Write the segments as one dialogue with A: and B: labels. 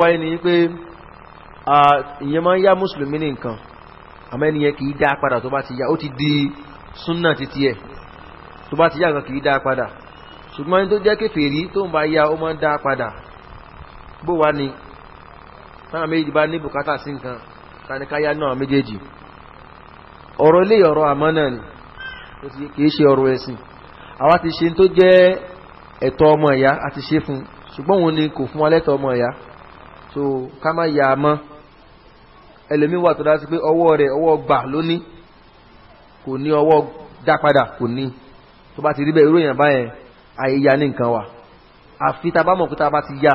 A: wáyé ni pé ìyẹn máa ń yá mùsùlùmí ní nǹkan àmọ́ ẹniyẹn kìí dá padà tó bá ti yá ó ti di súnà títí ẹ̀ tó bá ti yá nǹkan kìí dá padà ṣùgbọ́n tó jẹ́ kèfèrí tó ń bá yá ó máa ń dá padà bó wá ni táwọn méjì bá ní bùkátà sí nǹkan kánikáyá náà méjèèjì ọ̀rọ̀ ilé ọ̀rọ̀ àmọ́nà ni kìí ṣe ọ̀rọ̀ ẹ̀sìn àwa ti ṣe tó jẹ́ ẹ̀tọ́ ọmọ ìyá àti ṣe fún ṣùgbọ́n òun ni kò fún wa lẹ́tọ̀ ọmọ ìyá so ká má yà á mọ́ ẹlòmí wà tó dájú pé ọwọ́ rẹ̀ ọwọ́ gbà lónìí kò ní ọwọ́ dá padà kò ní tó bá ti rí bẹ́ẹ̀ ìròyìn àbáyẹn àyè ya ní nǹkan wà àfi tá a bá mọ̀ pé tá a bá ti yá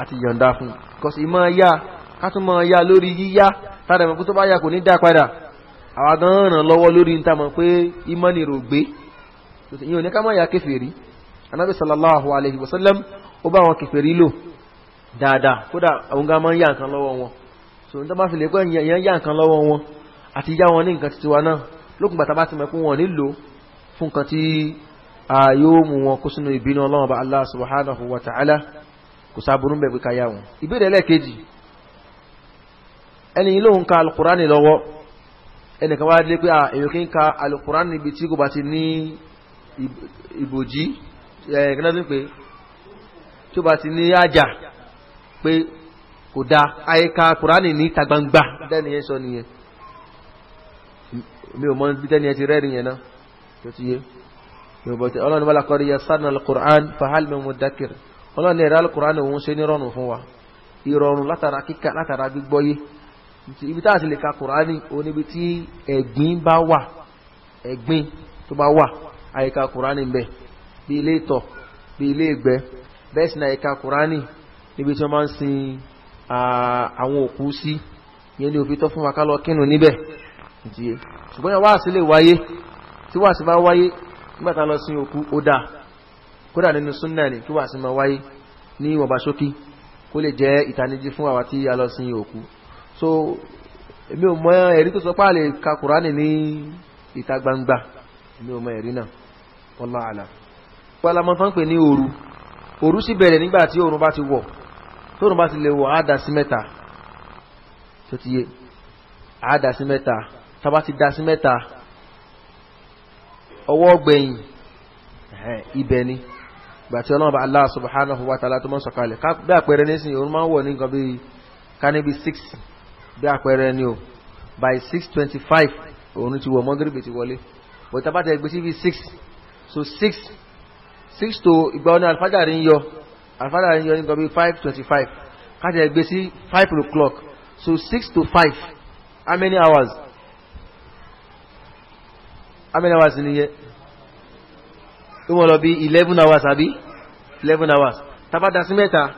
A: a ti yọ̀ǹda fún un kọ́sì máa yá ká tún máa yá lórí yíyá tá a dẹ̀ mọ̀ pé tó bá yá kò ní dá padà àwa gan ràn lọ́wọ́ lórí níta mọ̀ pé ìmọ̀nì rò gbé ìyẹn ní ká má yá kèfèrí anábì sallallahu alayhi wa sallam ó bá wọn kèfèrí lò dáadáa kódà àwọn ga máa ń yá nǹkan lọ́wọ́ wọn so n tó fi lè pẹ́ èèyàn yá nǹkan lọ́wọ́ wọn àti yá wọn ní nǹkan titiwa náà lókùn bàtà bá ti wọn nílò fún nǹkan tí a yóò mú wọn kó sínú ìbínú ọlọ́run bá Allah subhanahu wa ta'ala kò bẹ̀ pé wọn ìbéèrè ẹlẹ́ẹ̀kejì ẹni ka alukurani lọ́wọ́ ẹnìkan wá dé pé à èyí ka alukurani ibi tí kò bá ti ní pé kò dáa àyíká kùránì ní ìta gbangba dẹ́ni yẹn sọ nìyẹn mi ò mọ bí dẹ́ni yẹn ti rẹ́rìn yẹn náà tó ti yé mi ò bọ̀ tí ọlọ́run bá lakọ́rí yẹ sanna alukur'an fahal mi mu dakir ọlọ́run ní ẹ̀rọ alukur'an òun ṣe ní rọrùn fún wa ìrọ̀rùn látara kíkà látara gbígbọ́ yé ibi tá a ti lè ka kùránì òun tí ẹ̀gbin bá wà ẹ̀gbin tó bá wà àyíká kùránì bẹ bí ilé ìtọ̀ bí ilé ìgbẹ́ bẹ́ẹ̀ sì ní àyíká kùránì níbi tí wọ́n máa ń sin àwọn òkú sí yẹn ní òfin tó fún wa ká lọ kínú níbẹ̀ ìdíye ṣùgbọ́n yẹn wáàsí lè wáyé tí wáàsí bá wáyé nígbà lọ sin òkú ó dáa kódà nínú súnnà ni kí wáàsí máa wáyé ní ìwọ̀nba ṣókí kó lè jẹ́ ìtanijí fún àwa tí a lọ sin òkú so èmi ò mọ ẹ̀rí tó sọ páàlè ka kùránì ní ìta gbangba èmi ò mọ ẹ̀rí náà wallahu a'lam pàlámọ́ tán pè ní òru òru sì bẹ̀rẹ̀ nígbà tí òrùn bá ti wọ̀ tóun bá ti lè wọ àádá sí tó ti yé àádá sí mẹ́ta tábà ti dá sí ọwọ́ gbẹ̀yìn ibẹ̀ ni gbàtí ọlọ́run bá Allah subhanahu wa ta'ala tó mọ́ sọ̀kalẹ̀ bí àpẹẹrẹ máa ń wọ̀ ní nǹkan bíi six bí àpẹẹrẹ ni o by six twenty five òun ti wọ mọ́gírìbì ti wọlé bọ̀tá bá tẹ̀ gbé sí bíi six so six six to ìgbà ọ̀nà alfajari ń alifada yọ ní gọbí five twenty five kájà ẹgbẹ́ sí five o'clock so six to five how many hours how many hours nìyẹn ó mọ̀ lọ bí eleven hours àbí eleven hours tabada sí mẹ́ta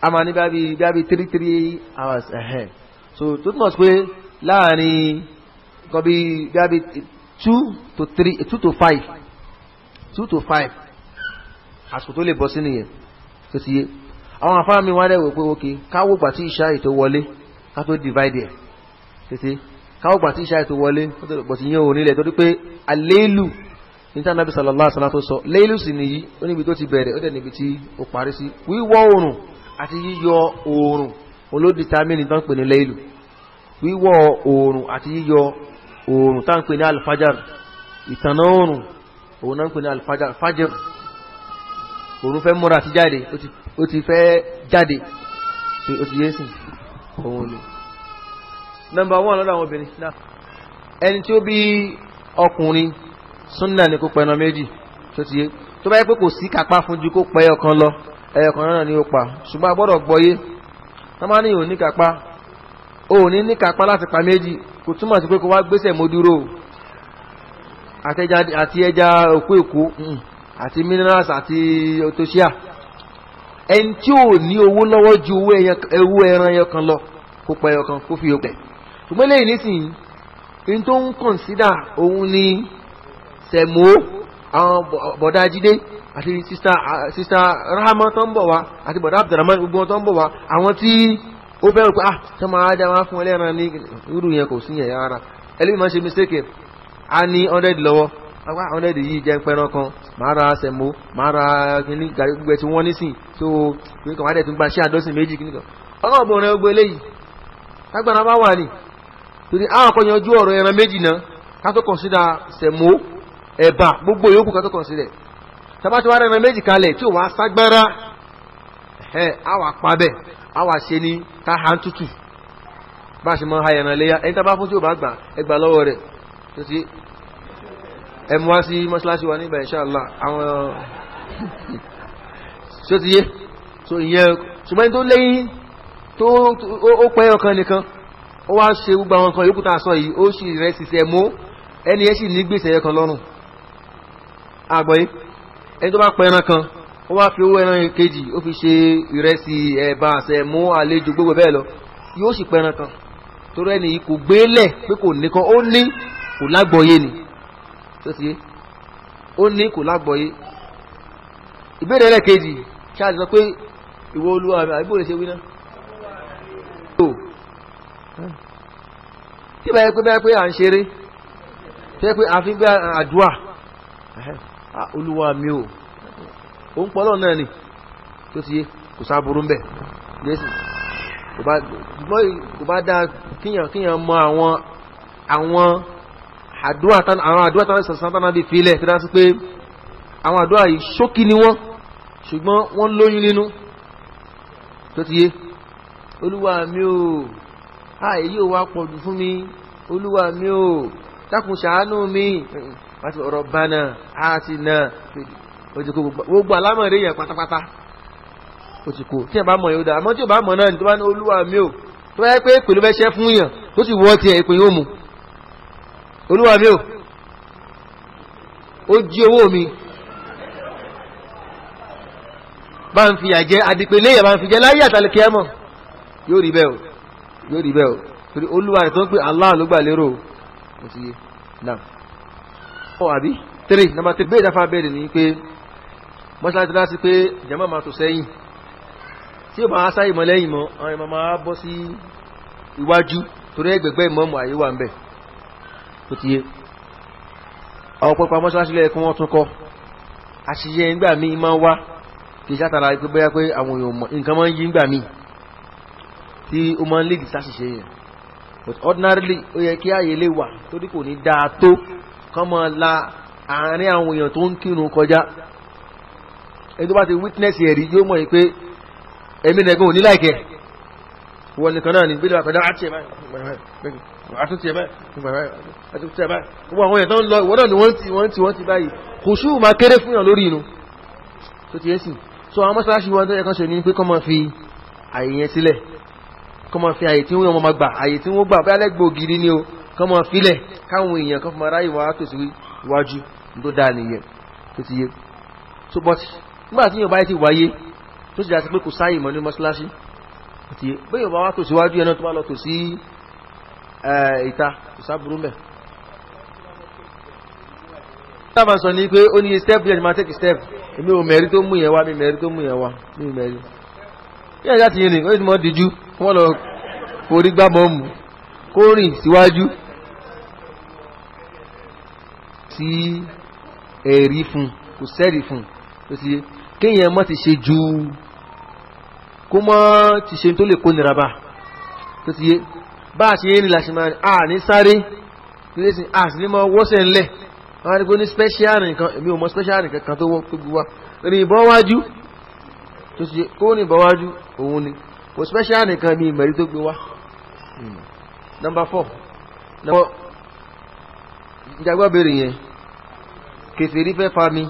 A: a máa ní bíi bíi three three hours ahead. so tó túmọ̀ sí pé láàrin gọbí bíi two to three two to five two to five àsìkò tó lè bọ́ sí nìyẹn tó ti yé àwọn afárá mi wá dẹ̀wò pé ókè káwó gbà tí ìṣá ètò wọlé ká tó divide ẹ̀ tètè káwó gbà tí ìṣá ètò wọlé bọ̀ ti yẹn òní ilẹ̀ torí pé àléèlù ní tí anábì sallallahu alaihi wasallam tó sọ léèlù sì nìyí ó níbi tó ti bẹ̀rẹ̀ ó dẹ̀ níbi tí ó parí sí wíwọ̀ oòrùn àti yíyọ oòrùn olódi tamini tó ń pè ní léèlù wíwọ̀ oòrùn àti yíyọ oòrùn tá ń pè ní alfajar ìtànà oòrùn òun náà ń pè ní alfajar òun fẹ́ múra àti jáde ó ti fẹ́ jáde ó ti yé sìn òun ni. nọ́mbà one lọ́dọ̀ àwọn obìnrin náà ẹni tí ó bí ọkùnrin súnà ni kó pẹ̀nà méjì tó ti yé tó bá yẹ pé kò sí kápá fún ju kó pẹ́ ọ̀kan lọ ẹ̀yọ̀kan náà ni ó pa ṣùgbọ́n a gbọ́dọ̀ gbọ́yé wọ́n máa ní òní kápá òní ní kápá láti pa méjì kò túmọ̀ sí pé kó wá gbéṣẹ̀ mọ́ dúró àti ẹja òkú èkó àti minerals àti otosia ẹni tí ò ní owó lọ́wọ́ ju owó ẹran ẹyọ kan lọ kó pa ẹyọ kan kó fi yọ ṣùgbọ́n lẹ́yìn nísìnyí ní tó ń kọ̀nsídà òun ni sẹ̀mó àwọn bọ̀dá jídé àti sista rahama tó ń bọ̀ wá àti bọ̀dá abdulrahman gbogbo tó ń bọ̀ wá àwọn tí ó fẹ́ràn pé ah tó máa dá wọn fún ẹlẹ́ran ní irú yẹn kò sí yẹn rárá ẹlẹ́yìn máa ṣe mistake a ní 100 lọ́wọ́ wá àwọn ẹ̀dẹ̀ yìí jẹ́ pẹ́ran kan máa ra sẹ̀mó máa ra kíní tí wọ́n nísìn tó pé kàn dẹ̀ tún gba àdọ́sìn méjì kíní kan ọlọ́ọ̀bù ọ̀rẹ́ gbogbo eléyìí bá wà ní torí àwọn ọ̀rọ̀ ẹran méjì náà tó kọ̀nsídà sẹ̀mó ẹ̀bà gbogbo yòókù wàá ẹran méjì kalẹ̀ tí ò wá ságbára ẹ̀ àwà àwà ṣe ní bá ṣe ha ẹran léyà ẹ mú wá sí mọ́ṣáláṣí wa nígbà inshallah àwọn tí ó ti yé so ìyẹn ṣùgbọ́n tó lẹ́yìn tó ó pẹ́ ọkàn nìkan ó wá ṣe gbogbo àwọn kan yókù tá a sọ yìí ó sì rẹ̀ ṣiṣẹ́ mú ẹni ẹ sì ní gbèsè ẹ̀kan lọ́rùn àgbọ̀yé ẹni tó bá pẹ́ ẹran kan ó wá fi owó ẹran kejì ó fi ṣe ìrẹsì ẹ̀bà àṣẹ mú àlejò gbogbo bẹ́ẹ̀ lọ yóò sì pẹ́ ẹran kan torí ẹni yìí kò gbélẹ̀ pé kò nìkan ó ní kò lágbọ̀ọ́yé ni tó ti yé ó ní kò lágbọ̀ọ́yé ìbéèrè ẹlẹ́kejì kí a lè sọ pé ìwọ olúwa mi àbíbò lè ṣe wí náà tí báyẹ̀ pé báyẹ̀ pé à ń ṣeré tí báyẹ̀ pé à ń fi gbé àdúrà olúwa mi ò ó ń pọ́lọ̀ náà ni tó ti yé kò sáàbùrú mbẹ̀ kò bá dáa kíyàn mọ àwọn àwọn àdúrà tán àwọn àdúrà tán sàṣán tán bí filẹ̀ tí wọ́n sọ pé àwọn àdúrà yìí ṣókí ni wọ́n ṣùgbọ́n wọ́n lóyún nínú tó ti yé olúwa mi ò a èyí ò wá pọ̀ jù fún mi olúwa mi ò dákun ṣàánú mi àti ọ̀rọ̀ bánà àti nà òjìkò gbogbo alámọ̀rẹ́ yẹn pátápátá òjìkò tí ẹ̀ bá mọ̀ yóò dá àmọ́ tí ò bá mọ̀ náà ní tó bá ní olúwa mi ò tó bá yẹ pé pẹ̀lú fẹ́ ṣẹ́ fún yàn tó sì wọ́ tiẹ̀ ìpè yóò mú olúwa mi ò ó jí owó mi bá ń fi àjẹ́ àdìpẹ̀lẹ́ yẹ̀ bá ń fi jẹ́ láyé àtàlẹ́kẹ́ ẹ̀mọ̀ yóò rí bẹ́ẹ̀ o yóò rí bẹ́ẹ̀ o torí olúwa rẹ̀ tó ń pè Allah ló gbà lérò o ti yé náà ọ àbí three number three bẹ́ẹ̀ dáfà bẹ́ẹ̀ ni pé mọ́ṣáláṣí láti pé jẹ́mọ́ máa tò sẹ́yìn tí ó máa sáyìmọ́ lẹ́yìn mọ́ àwọn ìmọ̀ máa bọ́ sí iwájú torí ẹgbẹ̀gbẹ́ ìmọ̀ọ́mù àyíwá ń bẹ̀ tó ti yé àwọn pẹ́pẹ́ mọ́ṣáláṣí lẹ́yìn kí wọ́n tún kọ́ àṣìṣe ìgbà míì máa ń wá kì í ṣàtàrà pé bóyá pé àwọn èèyàn mọ̀ nǹkan máa ń yí ìgbà míì tí ó máa ń lè dìtà yẹn but ordinarily ó yẹ kí ààyè lè wà torí kò ní dáa tó kán máa la àárín àwọn èèyàn tó ń kírun kọjá ẹni tó bá ti witness ẹ̀rí yóò mọ̀ yìí pé ẹ̀mí nẹ̀gbọ́n ò ní láìkẹ́ wọ́n nìkan náà ní gbé lọ́wọ́ pẹ̀lú àti ẹ̀bá àtúntì ẹ̀bá àtúntì ẹ̀bá gbogbo àwọn ẹ̀tọ́ ń lọ ìwọ́n náà ni wọ́n ti wọ́n ti wọ́n ti báyìí kò ṣú ma kéré fún yàn lórí inú tó ti yẹ́sìn so àwọn mọ́sálásí ti bẹ́yọ̀ bá wá tò síwájú ẹ̀nà tó bá lọ tò sí ìta ìsáburú mẹ́ sáàmà sọ ní pé ó ní step yẹn ma take step èmi ò mẹ́rí tó mú yẹn wá mi mẹ́rí tó mú yẹn wá mi mẹ́rí kí ẹ̀yà ti yẹn nì ó sì mọ́ díjú wọ́n lọ forí gbá mọ́ mú kó rìn síwájú sí ẹ̀rí fún kò sẹ́rí fún kéèyàn mọ́ ti ṣe ju kó mọ́ ti ṣe tó lè kó nira bá tó ti yé bá a ṣe rí láti máa à ní sáré nílé sí à sí mọ́ wọ́sẹ̀ ńlẹ̀ wọ́n rí pé ní special nìkan èmi ò mọ special nìkan kan tó wọ́n tó gbé wá rìn ìbọn wájú tó ti yé kó ní ìbọn òun ni kò special nìkan mi ìmọ̀rí tó gbé wá. number four ìjàgbá béèrè yẹn kèfèrí fẹ́ fa mi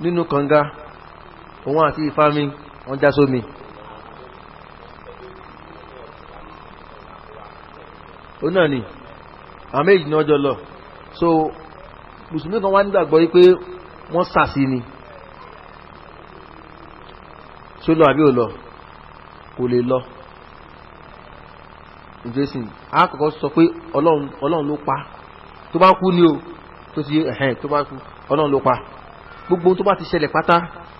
A: nínú kànga òun àti ìfa wọ́n já sómi. ó náà ni àwọn méjì ni wọ́n lọ so mùsùlùmí kan wá nígbàgbọ́ yìí pé wọ́n sàṣì ni ṣó lọ àbí ò lọ kò lè lọ ìjẹsìn àkọ́kọ́ sọ pé ọlọ́run ló pa tó bá kú ní o tó ti ẹ̀hẹ́n tó bá kú ọlọ́run ló pa gbogbo tó bá ti ṣẹlẹ̀ pátá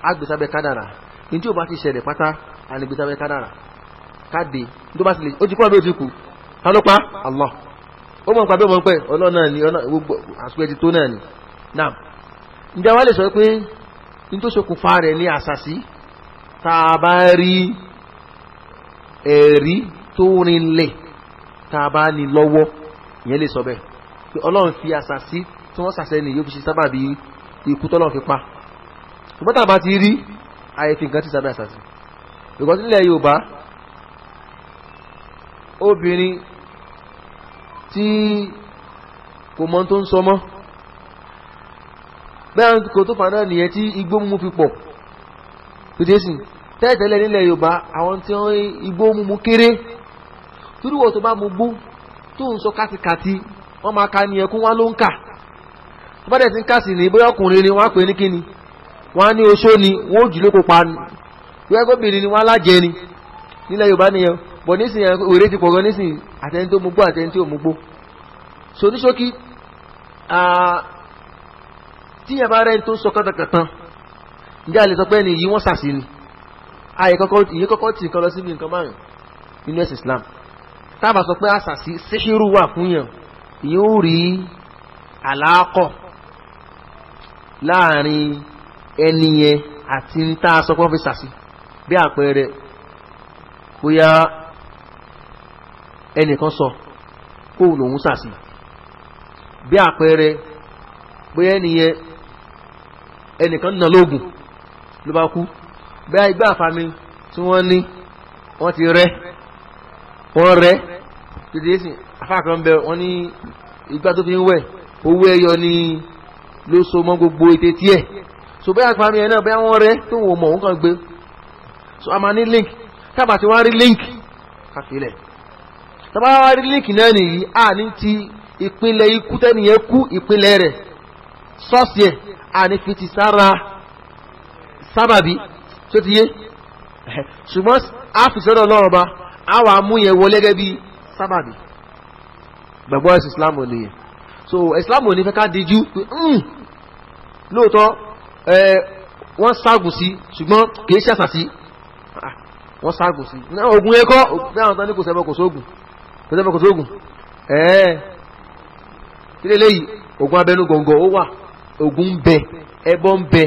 A: agbèsábẹ́ kádàrà ní tí bá ti ṣẹlẹ̀ pátá agbèsábẹ́ kádàrà káde tó bá ti lè ó ti kọ́ ló ti kù ta ló pa Allah o mọ̀ pàbí ọmọ pẹ́ ọlọ́run náà ni gbogbo àsìkò ẹ̀tì tó náà ni náà ǹjẹ́ wá lè sọ pé ní tó ṣokùnfà rẹ̀ ní àṣàṣì tá a bá rí ẹ̀rí tó rinlẹ̀ tá a bá ní lọ́wọ́ ìyẹn lè sọ bẹ́ẹ̀ pé ọlọ́run fi àṣàṣì tí wọ́n fi ṣe ikú fi pa ṣùgbọ́n tá a tí kò mọ́ tó ń sọ mọ́ bẹ́ẹ̀ kò tó fàánà nìyẹn tí igbó mú fi pọ̀ pìtẹ́sì tẹ́ẹ̀tẹ́lẹ̀ nílẹ̀ Yorùbá àwọn tí wọ́n igbó mú mú kéré túrúwọ̀ tó bá mú gbó tó ń sọ kátìkàtì wọ́n máa ka ní ẹkún wá ló ń kà tó bá dẹ̀ ti ń kà sí ní bóyá ọkùnrin ni wọ́n á pè ní kíni wọ́n á ní oṣó ni wọ́n ó jùlé kópa ni bóyá gómìnir ni wọ́n á lájẹ ni nílẹ̀ Yorùbá nìyẹn bọ̀ nísìnyí òré ti pọ̀ gan nísìnyí àtẹni tó mugbó àtẹni tí ò mugbó so ní ṣókí tíyàn bá rẹ́ni tó sọ kọ́tàkàtàn ǹjẹ́ a lè sọ pé ẹni yìí wọ́n sàṣì ni ààyè kọ́kọ́ tì kan lọ síbi nǹkan márùn nínú ẹ̀sìn Islam tábà sọ pé àṣàṣì ṣéṣírù wà fún yàn ìyẹn ó rí àlàákọ̀ láàrin ẹni yẹn àti ń tá a sọ pé wọ́n fi sàṣì bí àpẹẹrẹ bóyá ẹnìkan sọ kó lòun sàsì bí àpẹẹrẹ pé ẹnìyẹn ẹnìkan nà lóògùn ló bá kú bí igbá àfàmì tí wọ́n ní wọ́n ti rẹ́ wọ́n rẹ́ títí sí afáàkan bẹ wọ́n ní igbá tó fi ń wẹ̀ owó ẹyọ ni ló so mọ́ gbogbo ètè tí so bí àfàmì ẹ̀ náà bí wọ́n rẹ́ tó wò mọ̀ òun kàn gbé so a ní link tábà tí wọ́n rí link kàfilẹ̀ tàbáwá rí líǹkì náà nìyí àní ti ìpínlẹ̀ ikú tẹ́niyẹn kú ìpínlẹ̀ rẹ̀ sọ́ọ̀sì ẹ̀ àní fi ti sára sábàbí tó ti yé ṣùgbọ́n àfìsọ́dọ̀ lọ́rọ̀ bá àwọn amúyẹn wọlé gẹ́gẹ́ bí sábàbí gbàgbọ́ ẹ̀sìn Islam ò nìyẹn so Islam ò ní fẹ́ ká díjú hmm, lóòótọ́ wọ́n ságùn sí ṣùgbọ́n kìí ṣàṣà sí ah, wọ́n ságùn sí ogun ẹ̀kọ́ ogun ẹ̀kọ́ kò sẹ́fẹ̀ kò sóògùn ẹ̀ẹ́ sílẹ̀ lẹ́yìn ogun abẹnú gọ̀ǹgọ̀ ó wà ogun ń bẹ ẹbọ ń bẹ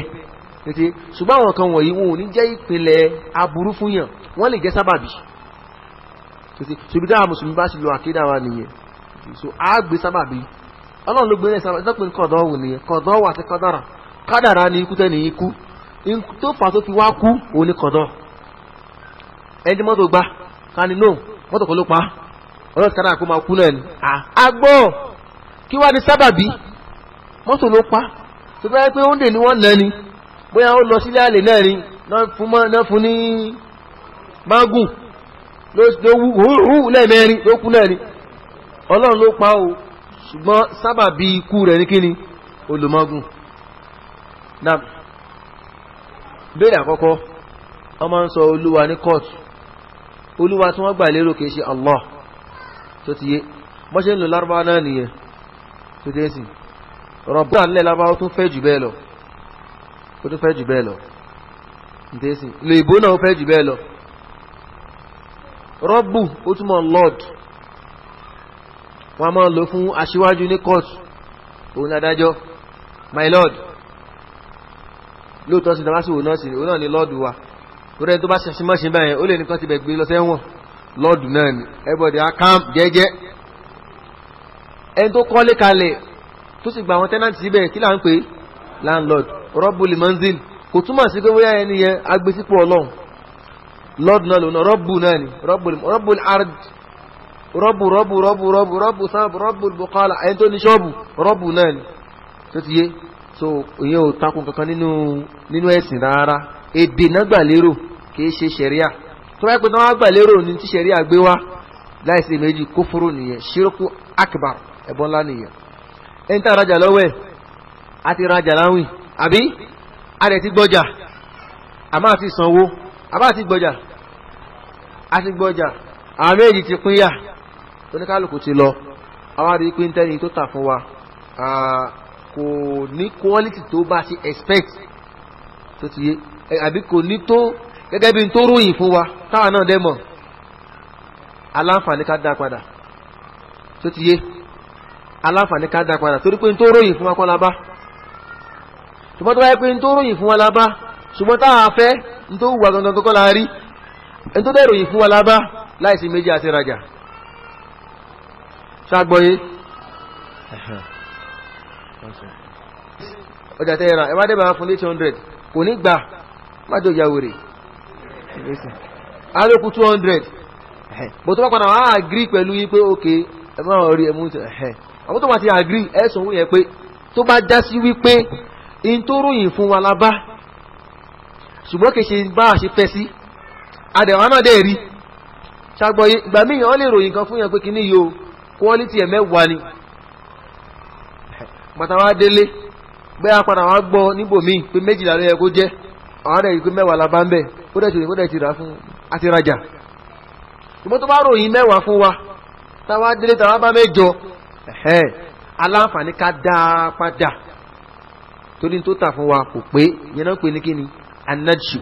A: tètè ṣùgbọ́n àwọn kan wọ̀nyí wọn ò ní jẹ́ ìpìlẹ̀ aburú fún yàn wọ́n lè jẹ́ tètè ṣùgbọ́n mùsùlùmí bá lo àkídà wa nìyẹn so a gbé sábàbí ọlọ́run ló gbé ọlọ́run kan kó máa kú náà ni. agbọ́ ah. kí wá ní sábàbí mọ́tò ló pa tó bá yẹ pé oúnjẹ ni wọ́n nà ni bóyá ó lọ sílé àlè náà ni náà fún ní mágùn ló lẹ́ẹ̀mẹ́rin ló kú náà ni ọlọ́run ló pa o ṣùgbọ́n sábàbí ikú rẹ̀ ní olùmọ́gùn àkọ́kọ́ ń sọ tó ti yé bọ́ ṣe ń lò lárúbáwá náà nìyẹn tó dé sí rọ̀bùnà nílẹ̀ lárúbáwá tó fẹ́ jù bẹ́ẹ̀ lọ ó tó fẹ́ jù bẹ́ẹ̀ lọ dé sí ìlú ìbò náà ó fẹ́ jù bẹ́ẹ̀ lọ rọ́bù ó túmọ̀ lord wọ́n máa lò fún aṣíwájú ní court òun adájọ́ my lord lóòótọ́ sí ìdámásí òun náà sí òun náà ni lord wa tó rẹ̀ tó bá ṣe máṣe báyẹn ó lè nìkan ti bẹ̀ gbé lọ sẹ́wọ̀n lọ́ọ̀dù náà ni everybody á calm jẹ́jẹ́ ẹni tó kọ́lé kalẹ̀ tó sì gba àwọn tẹ́nàtì síbẹ̀ kí là ń pè landlord rọ́bùlì manzil kò túmọ̀ sí pé wíyá ẹni yẹn agbésípò ọlọ́run lord náà lòun rọ́bù náà ni rọ́bùlì ard rọ́bù rọ́bù rọ́bù rọ́bù rọ́bù sáàbù rọ́bù bukala ẹni tó ní ṣọ́ọ̀bù rọ́bù náà ni tó ti yé so ìyẹn ò takùn kankan nínú nínú ẹ̀sìn rárá èdè nágbà lérò kìí ṣe ṣẹ̀ríà tó wáyé pé tí wọ́n gbà lérò ní tíṣe rí àgbé wá láìsí méjì kófóró nìyẹn ṣíròkú akbar ẹbọ ńlá nìyẹn ẹni tá a rajà lọ́wọ́ ẹ̀ a ti rajà láwìn àbí a rẹ̀ ti gbọ́jà a máa ti sanwó a bá ti gbọ́jà a ti gbọ́jà àwọn méjì ti pínyà oníkálukú ti lọ àwọn àrí pé ń tó tà fún wa kò ní quality tó bá ti expect tó ti yé àbí kò ní tó gẹ́gẹ́ bí n tó ròyìn fún wa táwa náà dẹ́ mọ̀ ká dá padà tó ti yé aláǹfààní ká dá padà torí pé n tó ròyìn fún wa kọ́ la bá ṣùgbọ́n tó pé n tó ròyìn fún wa la bá ṣùgbọ́n n tó gangan kọ́kọ́ la rí n tó dẹ̀ ròyìn fún wa la bá láìsí méjì àti ọjà 800 kò ní gbà àwọn yòókù two hundred bó tó bá agree pẹ̀lú yín pé ok ẹ bá wọn rí ẹ mú tó bá ti agree ẹ sọ yẹn pé tó bá já sí wípé n tó ròyìn fún wa la bá ṣùgbọ́n kì í ṣe a ṣe fẹ́ sí náà dẹ̀ rí ìgbà míì wọ́n lè ròyìn kan fún pé kí quality ẹ̀ mẹ́wàá ni délé ó dẹ̀ ti ó dẹ̀ ti rà fún àti rajà ṣùgbọ́n tó bá ròyìn mẹ́wàá fún wa táwa délé táwa bá mẹ́jọ aláǹfààní ká dáa padà torí tó tà fún wa kò pé yẹn náà pé ní kí ni anájù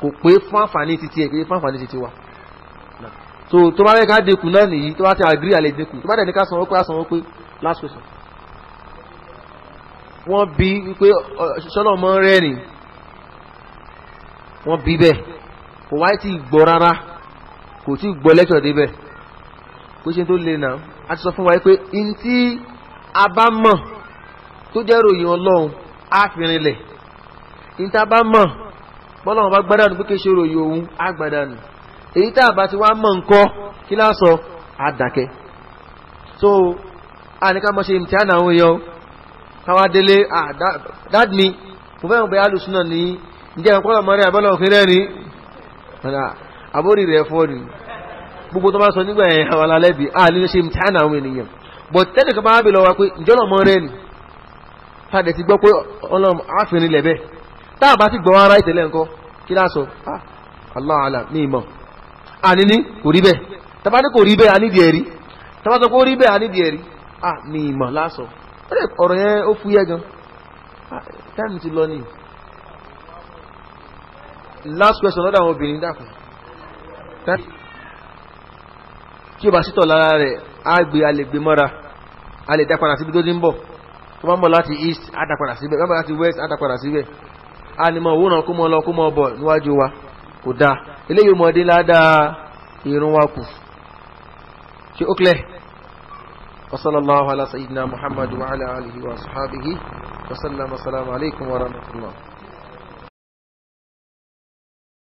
A: kò pé fún àǹfààní títí ẹ̀ pé fún àǹfààní títí wa so tó bá rẹ̀ ká dínkù náà nìyí tó bá ti àgírí àlè dínkù tó bá dẹ̀ ní ká sanwó pé sanwó pé last question wọ́n bí wípé ṣọ́nà ọmọ rẹ̀ nìyí wọ́n bí bẹ́ẹ̀ kò wáyé tí gbọ́ rárá kò tí gbọ́ lẹ́kọ̀ọ́ débẹ̀ kó ṣe tó lè nà á ti sọ fún wa pé n tí a bá mọ̀ tó jẹ́ ròyìn ọlọ́run á fi rinlẹ̀ n tí a bá mọ̀ bọ́lọ́run bá gbádànù pé kéṣe ròyìn òun á gbádànù èyí tá a bá ti wá mọ̀ nǹkan kí lá sọ á dákẹ́ so a ní ká mọ̀ ṣe ìmìtíhánà àwọn èèyàn káwá délé ah dad mi mo fẹ́ràn bẹ́ẹ̀ alùsùn náà ní ǹjẹ́ àpọ́lọ̀ mọ́rí àbọ́lọ̀ òkèrè ní àbórí rẹ̀ fọ́ ni gbogbo tó bá sọ nígbà ẹ̀ àwọn alẹ́bí àlínú ṣe ènìyàn but tẹ́nìkan bá bí lọ́wọ́ pé ìjọ́lọ̀ mọ́ rẹ̀ ni ti gbọ́ pé ọlọ́run áfìrin lẹ̀bẹ̀ tá a bá ti gbọ́ ara ìtẹ̀lẹ̀ nǹkan kí ah, Allah àní kò rí bẹ́ẹ̀ tàbá kò rí bẹ́ẹ̀ àní tàbá sọ pé ó rí bẹ́ẹ̀ àní ah, yẹn ó fúyẹ́ ah, last question lọ́dọ̀ àwọn obìnrin dákun tí o bá sítọ̀ lára rẹ̀ á gbé alẹ́gbé mọ́ra a lè dápadà síbi tó dín bọ̀ tó bá mọ̀ láti east á dápadà síbẹ̀ bá mọ̀ láti west á dápadà síbẹ̀ a ní mọ̀ owó náà kó mọ̀ lọ kó mọ̀ bọ̀ níwájú wa kò dáa eléyìí ọmọdé ládàá irun wa kù ṣe ó kílẹ̀ wasallallahu ala sayyidina muhammadu wa ala alihi wa sahabihi wasallama salamu alaikum wa rahmatullah